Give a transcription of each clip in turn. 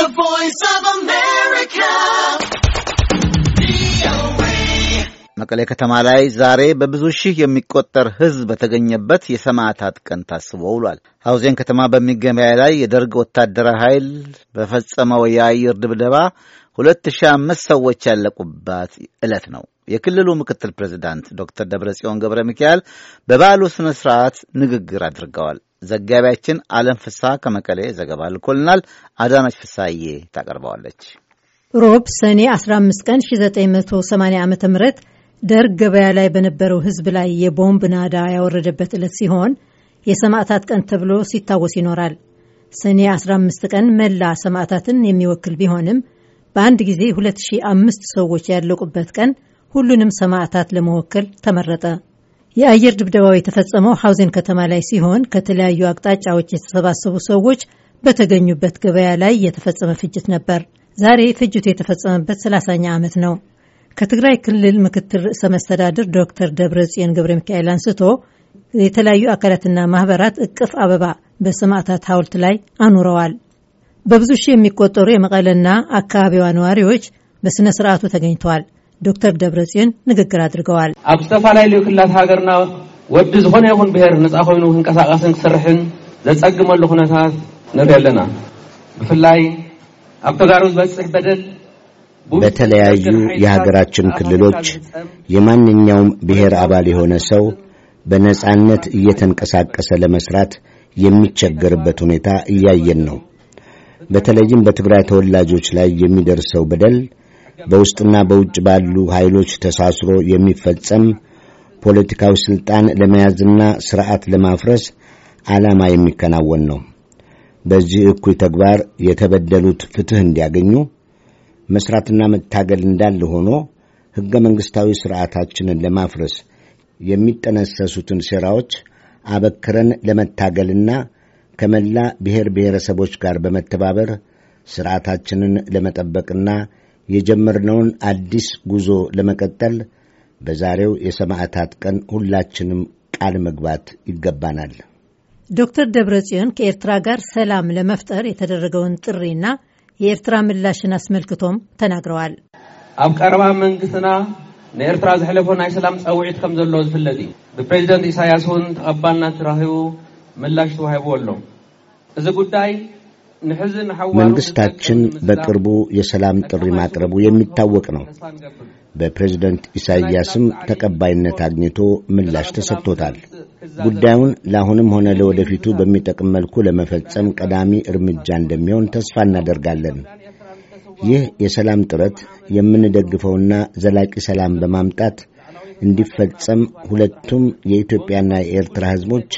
The Voice of America. መቀሌ ከተማ ላይ ዛሬ በብዙ ሺህ የሚቆጠር ሕዝብ በተገኘበት የሰማዕታት ቀን ታስቦ ውሏል። ሐውዜን ከተማ በሚገበያ ላይ የደርግ ወታደራዊ ኃይል በፈጸመው የአየር ድብደባ ሁለት ሺህ አምስት ሰዎች ያለቁባት ዕለት ነው። የክልሉ ምክትል ፕሬዚዳንት ዶክተር ደብረጽዮን ገብረ ሚካኤል በበዓሉ ስነ ስርዓት ንግግር አድርገዋል። ዘጋቢያችን አለም ፍስሐ ከመቀሌ ዘገባ ልኮልናል። አዳነች ፍስሐዬ ታቀርበዋለች። ሮብ ሰኔ 15 ቀን 1980 ዓ ም ደርግ ገበያ ላይ በነበረው ህዝብ ላይ የቦምብ ናዳ ያወረደበት ዕለት ሲሆን የሰማዕታት ቀን ተብሎ ሲታወስ ይኖራል። ሰኔ 15 ቀን መላ ሰማዕታትን የሚወክል ቢሆንም በአንድ ጊዜ 2005 ሰዎች ያለቁበት ቀን ሁሉንም ሰማዕታት ለመወከል ተመረጠ። የአየር ድብደባው የተፈጸመው ሐውዜን ከተማ ላይ ሲሆን ከተለያዩ አቅጣጫዎች የተሰባሰቡ ሰዎች በተገኙበት ገበያ ላይ የተፈጸመ ፍጅት ነበር። ዛሬ ፍጅቱ የተፈጸመበት 30ኛ ዓመት ነው። ከትግራይ ክልል ምክትል ርዕሰ መስተዳድር ዶክተር ደብረ ጽዮን ገብረ ሚካኤል አንስቶ የተለያዩ አካላትና ማህበራት እቅፍ አበባ በሰማዕታት ሐውልት ላይ አኑረዋል። በብዙ ሺህ የሚቆጠሩ የመቀለና አካባቢዋ ነዋሪዎች በሥነ ሥርዓቱ ተገኝተዋል። ዶክተር ደብረጽዮን ንግግር አድርገዋል። ኣብ ዝተፈላለዩ ክላት ሃገርና ወዲ ዝኾነ ይኹን ብሄር ነፃ ኮይኑ ክንቀሳቀስን ክስርሕን ዘፀግመሉ ኩነታት ንርኢ ኣለና ብፍላይ ኣብ ተጋሩ ዝበፅሕ በደል በተለያዩ የሀገራችን ክልሎች የማንኛውም ብሔር አባል የሆነ ሰው በነጻነት እየተንቀሳቀሰ ለመስራት የሚቸገርበት ሁኔታ እያየን ነው። በተለይም በትግራይ ተወላጆች ላይ የሚደርሰው በደል በውስጥና በውጭ ባሉ ኃይሎች ተሳስሮ የሚፈጸም ፖለቲካዊ ሥልጣን ለመያዝና ሥርዓት ለማፍረስ ዓላማ የሚከናወን ነው። በዚህ እኩይ ተግባር የተበደሉት ፍትሕ እንዲያገኙ መሥራትና መታገል እንዳለ ሆኖ ሕገ መንግሥታዊ ሥርዓታችንን ለማፍረስ የሚጠነሰሱትን ሴራዎች አበክረን ለመታገልና ከመላ ብሔር ብሔረሰቦች ጋር በመተባበር ሥርዓታችንን ለመጠበቅና የጀመርነውን አዲስ ጉዞ ለመቀጠል በዛሬው የሰማዕታት ቀን ሁላችንም ቃል መግባት ይገባናል። ዶክተር ደብረጽዮን ከኤርትራ ጋር ሰላም ለመፍጠር የተደረገውን ጥሪና የኤርትራ ምላሽን አስመልክቶም ተናግረዋል። ኣብ ቀረባ መንግስትና ንኤርትራ ዘሕለፎ ናይ ሰላም ፀውዒት ከም ዘሎ ዝፍለጥ እዩ ብፕሬዚደንት ኢሳያስ እውን ተቐባልና ትራኺቡ ምላሽ ተዋሂቡ ኣሎ እዚ ጉዳይ መንግሥታችን በቅርቡ የሰላም ጥሪ ማቅረቡ የሚታወቅ ነው። በፕሬዝደንት ኢሳይያስም ተቀባይነት አግኝቶ ምላሽ ተሰጥቶታል። ጉዳዩን ለአሁንም ሆነ ለወደፊቱ በሚጠቅም መልኩ ለመፈጸም ቀዳሚ እርምጃ እንደሚሆን ተስፋ እናደርጋለን። ይህ የሰላም ጥረት የምንደግፈውና ዘላቂ ሰላም በማምጣት እንዲፈጸም ሁለቱም የኢትዮጵያና የኤርትራ ሕዝቦች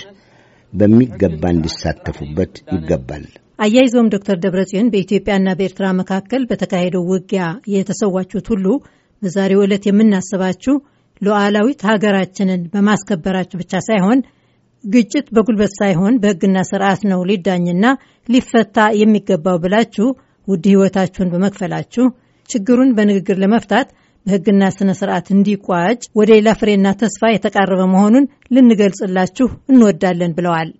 በሚገባ እንዲሳተፉበት ይገባል። አያይዘውም ዶክተር ደብረጽዮን በኢትዮጵያና በኤርትራ መካከል በተካሄደው ውጊያ የተሰዋችሁት ሁሉ በዛሬው ዕለት የምናስባችሁ ሉዓላዊት ሀገራችንን በማስከበራችሁ ብቻ ሳይሆን ግጭት በጉልበት ሳይሆን በሕግና ስርዓት ነው ሊዳኝና ሊፈታ የሚገባው ብላችሁ ውድ ሕይወታችሁን በመክፈላችሁ ችግሩን በንግግር ለመፍታት በሕግና ስነ ስርዓት እንዲቋጭ ወደ ሌላ ፍሬና ተስፋ የተቃረበ መሆኑን ልንገልጽላችሁ እንወዳለን ብለዋል።